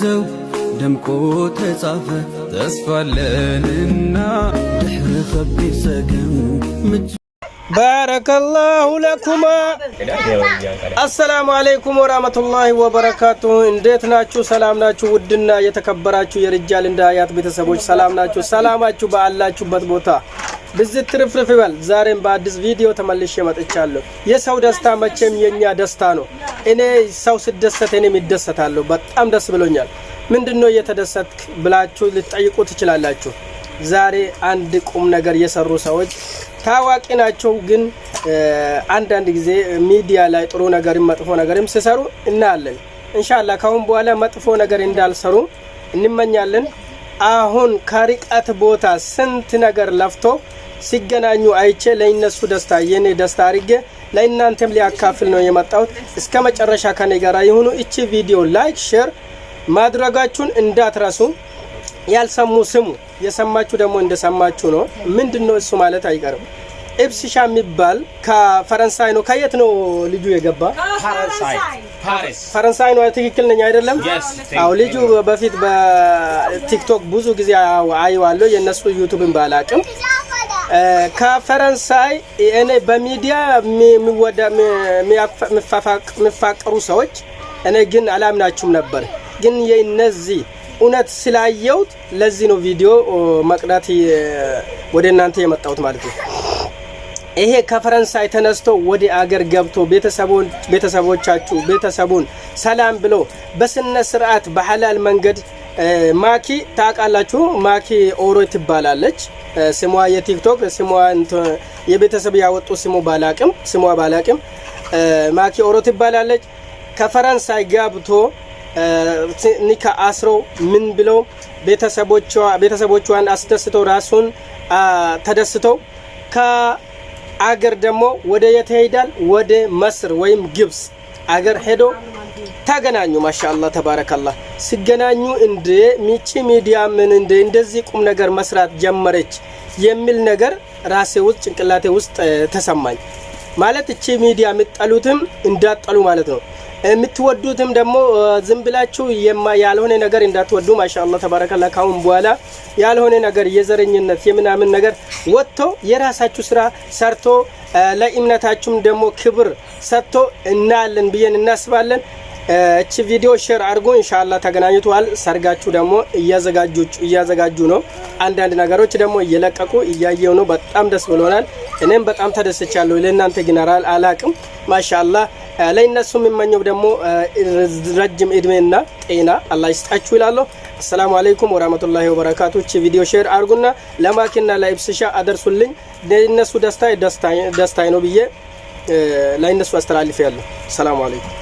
ዘው ደምቆ ተጻፈ ተስፋለንና ድሕሪ ከቢድ ሰገም ባረከላሁ ለኩማ። አሰላሙ አለይኩም ወራህመቱላሂ ወበረካቱ። እንዴት ናችሁ? ሰላም ናችሁ? ውድና የተከበራችሁ የርጃል እንደ አያት ቤተሰቦች ሰላም ናችሁ? ሰላማችሁ ባላችሁበት ቦታ ብዝት ትርፍርፍ ይበል። ዛሬም በአዲስ ቪዲዮ ተመልሼ መጥቻለሁ። የሰው ደስታ መቼም የእኛ ደስታ ነው። እኔ ሰው ስደሰት እኔም ይደሰታለሁ። በጣም ደስ ብሎኛል። ምንድን ነው እየተደሰትክ ብላችሁ ልትጠይቁ ትችላላችሁ። ዛሬ አንድ ቁም ነገር የሰሩ ሰዎች ታዋቂ ናቸው፣ ግን አንዳንድ ጊዜ ሚዲያ ላይ ጥሩ ነገርም መጥፎ ነገርም ሲሰሩ እናያለን። እንሻላ ካሁን በኋላ መጥፎ ነገር እንዳልሰሩ እንመኛለን። አሁን ከርቀት ቦታ ስንት ነገር ለፍቶ ሲገናኙ አይቼ ለእነሱ ደስታ የኔ ደስታ አድርጌ ለእናንተም ሊያካፍል ነው የመጣሁት። እስከ መጨረሻ ከኔ ጋር የሆኑ እቺ ቪዲዮ ላይክ፣ ሼር ማድረጋችሁን እንዳትረሱ። ያልሰሙ ስሙ፣ የሰማችሁ ደግሞ እንደሰማችሁ ነው። ምንድን ነው እሱ ማለት አይቀርም። ኢብስሻ የሚባል ከፈረንሳይ ነው። ከየት ነው ልጁ የገባ? ፈረንሳይ ነው። ትክክል ነኝ አይደለም? አዎ ልጁ በፊት በቲክቶክ ብዙ ጊዜ አይዋለሁ የእነሱ ዩቱብን ባላቅም ከፈረንሳይ እኔ በሚዲያ የሚፋቀሩ ሰዎች እኔ ግን አላምናችሁም ነበር። ግን የነዚህ እውነት ስላየሁት ለዚህ ነው ቪዲዮ መቅዳት ወደ እናንተ የመጣሁት ማለት ነው። ይሄ ከፈረንሳይ ተነስቶ ወደ አገር ገብቶ ቤተሰቦቻችሁ ቤተሰቡን ሰላም ብሎ በስነ ስርዓት በሐላል መንገድ ማኪ ታውቃላችሁ፣ ማኪ ኦሮ ትባላለች። ስሟ የቲክቶክ ስሟ የቤተሰብ ያወጡ ስሙ ባላቅም ስሟ ባላቅም ማኪ ኦሮ ትባላለች። ከፈረንሳይ ጋብቶ ኒካ አስሮ ምን ብለው ቤተሰቦቿን አስደስተው ራሱን ተደስተው ከአገር ደግሞ ወደ የት ሄዳል? ወደ መስር ወይም ግብስ አገር ሄዶ ተገናኙ። ማሻ አላህ ተባረከላህ። ሲገናኙ እንደ ሚቺ ሚዲያ ምን እንደ እንደዚህ ቁም ነገር መስራት ጀመረች የሚል ነገር ራሴ ውስጥ ጭንቅላቴ ውስጥ ተሰማኝ። ማለት እቺ ሚዲያ የምትጠሉትም እንዳትጠሉ ማለት ነው። የምትወዱትም ደግሞ ዝም ብላችሁ ያልሆነ ነገር እንዳትወዱ። ማሻአላ ተባረከላ። ካሁን በኋላ ያልሆነ ነገር የዘረኝነት የምናምን ነገር ወጥቶ የራሳችሁ ስራ ሰርቶ ለእምነታችሁም ደግሞ ክብር ሰጥቶ እናያለን ብዬን እናስባለን። እቺ ቪዲዮ ሼር አድርጎ ኢንሻአላህ ተገናኝቷል። ሰርጋችሁ ደግሞ እያዘጋጁ ነው። አንዳንድ ነገሮች ደግሞ እየለቀቁ እያየው ነው። በጣም ደስ ብሎናል። እኔም በጣም ተደስቻለሁ። ለእናንተ ግን አላቅም። ማሻአላህ ለእነሱ የሚመኘው ደግሞ ረጅም እድሜና ጤና አላህ ይስጣችሁ ይላለሁ። አሰላሙ አለይኩም ወራህመቱላሂ ወበረካቱ። እቺ ቪዲዮ ሼር አድርጉና ለማኪና ለኢብስሻ አደርሱልኝ። ለእነሱ ደስታ ደስታ ነው ብዬ ለእነሱ አስተላልፌ ያለሁ። አለይኩም